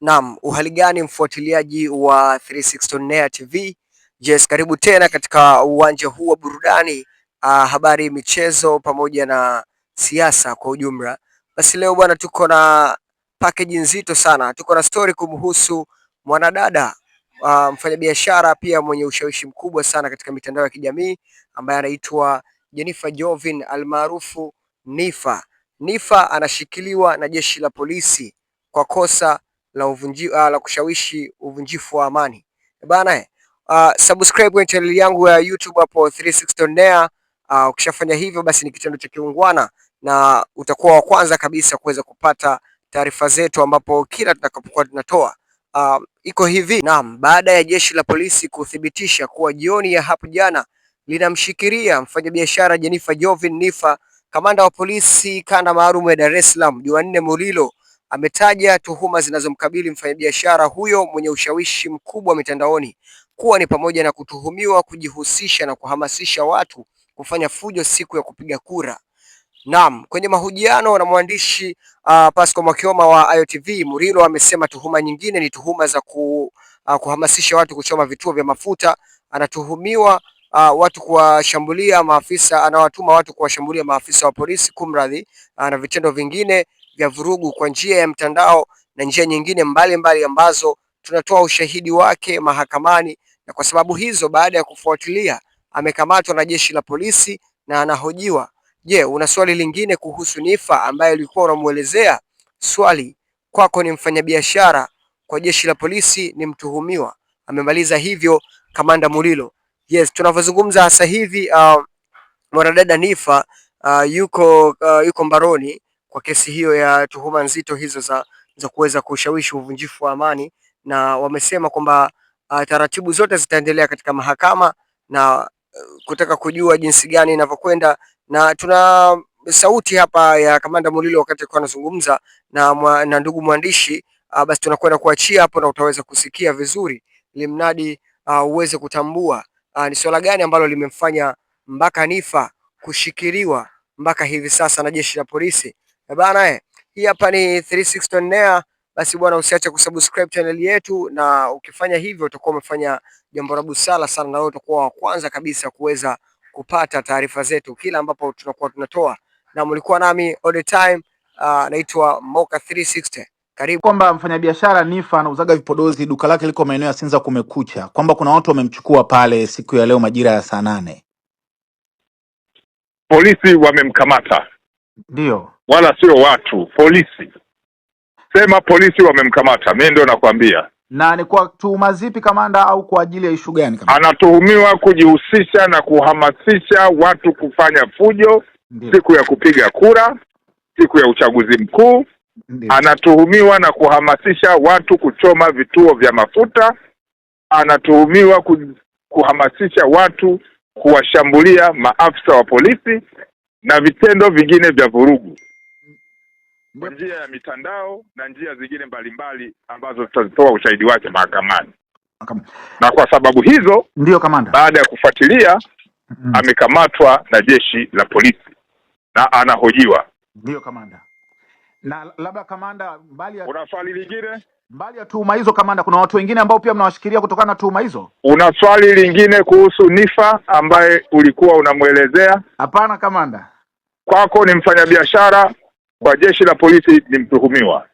Naam, uhali gani mfuatiliaji wa 369 TV? Yes, karibu tena katika uwanja huu wa burudani, uh, habari, michezo pamoja na siasa kwa ujumla. Basi leo bwana, tuko na package nzito sana, tuko na story kumhusu mwanadada uh, mfanyabiashara pia mwenye ushawishi mkubwa sana katika mitandao ya kijamii ambaye anaitwa Jennifer Jovin almaarufu Nifa. Nifa anashikiliwa na jeshi la polisi kwa kosa la uvunji, uh, la kushawishi uvunjifu wa amani. Bana uh, subscribe kwenye channel yangu ya YouTube hapo 360 on air. Uh, ukishafanya hivyo basi ni kitendo cha kiungwana na utakuwa wa kwanza kabisa kuweza kupata taarifa zetu ambapo kila tutakapokuwa tunatoa. Uh, iko hivi. Naam, baada ya jeshi la polisi kuthibitisha kuwa jioni ya hapo jana linamshikiria mfanyabiashara Jenifer Jovin Nifa, kamanda wa polisi kanda maalum ya Dar es Salaam Jumanne Mulilo ametaja tuhuma zinazomkabili mfanyabiashara huyo mwenye ushawishi mkubwa mitandaoni kuwa ni pamoja na kutuhumiwa kujihusisha na kuhamasisha watu kufanya fujo siku ya kupiga kura. Naam, kwenye mahojiano na mwandishi uh, Pascal Mwakioma wa Ayo Murilo amesema tuhuma nyingine ni tuhuma za ku, uh, kuhamasisha watu kuchoma vituo vya mafuta. Anatuhumiwa uh, watu kuwashambulia maafisa, anawatuma watu kuwashambulia maafisa wa polisi, kumradhi, uh, na vitendo vingine vya vurugu kwa njia ya mtandao na njia nyingine mbalimbali mbali ambazo tunatoa ushahidi wake mahakamani, na kwa sababu hizo, baada ya kufuatilia, amekamatwa na jeshi la polisi na anahojiwa. Je, una swali lingine kuhusu Niffer ambaye ulikuwa unamuelezea? Swali kwako ni mfanyabiashara, kwa jeshi la polisi ni mtuhumiwa. Amemaliza hivyo Kamanda Mulilo. Yes, tunavyozungumza sasa hivi uh, mwanadada Niffer uh, yuko uh, yuko mbaroni kwa kesi hiyo ya tuhuma nzito hizo za, za kuweza kushawishi uvunjifu wa amani, na wamesema kwamba uh, taratibu zote zitaendelea katika mahakama na uh, kutaka kujua jinsi gani inavyokwenda, na tuna sauti hapa ya Kamanda Mulilo wakati alikuwa anazungumza na, mwa, na ndugu mwandishi uh, basi tunakwenda kuachia hapo na utaweza kusikia vizuri, limnadi uh, uweze kutambua uh, ni swala gani ambalo limemfanya mpaka Niffer kushikiliwa mpaka hivi sasa na jeshi la polisi. Eh, bana eh, hii hapa ni 360 on air. Basi bwana, usiache kusubscribe channel yetu, na ukifanya hivyo utakuwa umefanya jambo la busara sana, na wewe utakuwa wa kwanza kabisa kuweza kupata taarifa zetu kila ambapo tunakuwa tunatoa. Na mlikuwa nami all the time, uh, naitwa Moka 360. Karibu. Kwamba mfanyabiashara Nifa anauzaga vipodozi, duka lake liko maeneo ya Sinza kumekucha, kwamba kuna watu wamemchukua pale siku ya leo majira ya saa nane polisi wamemkamata. Ndio wala sio watu, polisi. Sema polisi wamemkamata, mi ndio nakwambia. Na ni kwa tuhuma zipi kamanda, au kwa ajili ya ishu gani kamanda? Anatuhumiwa kujihusisha na kuhamasisha watu kufanya fujo ndiyo, siku ya kupiga kura, siku ya uchaguzi mkuu. Anatuhumiwa na kuhamasisha watu kuchoma vituo vya mafuta. Anatuhumiwa kuhamasisha watu kuwashambulia maafisa wa polisi na vitendo vingine vya vurugu kwa njia ya mitandao na njia zingine mbalimbali ambazo tutazitoa ushahidi wake mahakamani. Na kwa sababu hizo ndio kamanda, baada ya kufuatilia mm -hmm. amekamatwa na jeshi la polisi na anahojiwa. ndio kamanda. Na labda kamanda, mbali ya una swali lingine mbali ya tuhuma hizo kamanda, kuna watu wengine ambao pia mnawashikilia kutokana na tuhuma hizo. Una swali lingine kuhusu Nifa ambaye ulikuwa unamwelezea? Hapana kamanda kwako ni mfanyabiashara, kwa jeshi la polisi ni mtuhumiwa.